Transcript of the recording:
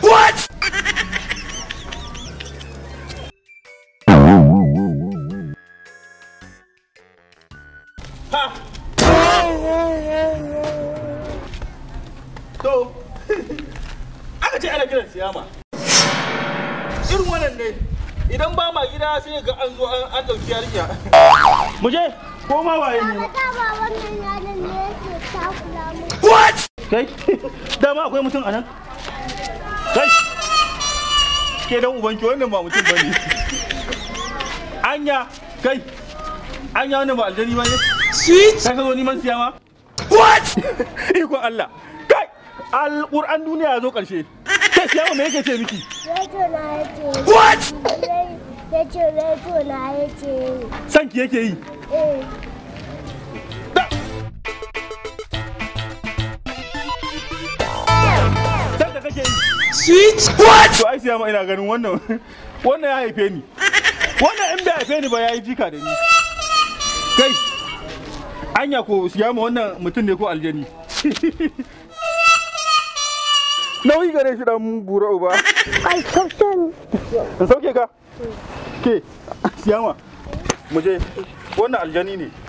What? to aka ce ana kiran siyama irin wannan ne idan ba ma gida sai ga an zo an ɗauki yarinya mu je ko ma waye ne ba wannan yaron ne yake mu what kai dama akwai mutum a nan kai ke dan ubanki wannan ba mutum bane anya kai anya wannan ba aljani Switch? Ka zo neman siya ma? What? Iko Allah. Kai! al duniya ya zo karshe. Kai siya me yake ce miki? Reto na yake. What? Yace reto na yake. Sanki yake yi? Eh. Switch? What? To ai siya ma ina ganin wannan wannan ya haife ni. Wannan in bai haife ni ba ya yi jika da ni. anya ko siya ma wannan mutum ne ko aljani nauyi gare shi dan bura uba kai sauke sauke ka ke siyama mu je wannan aljani ne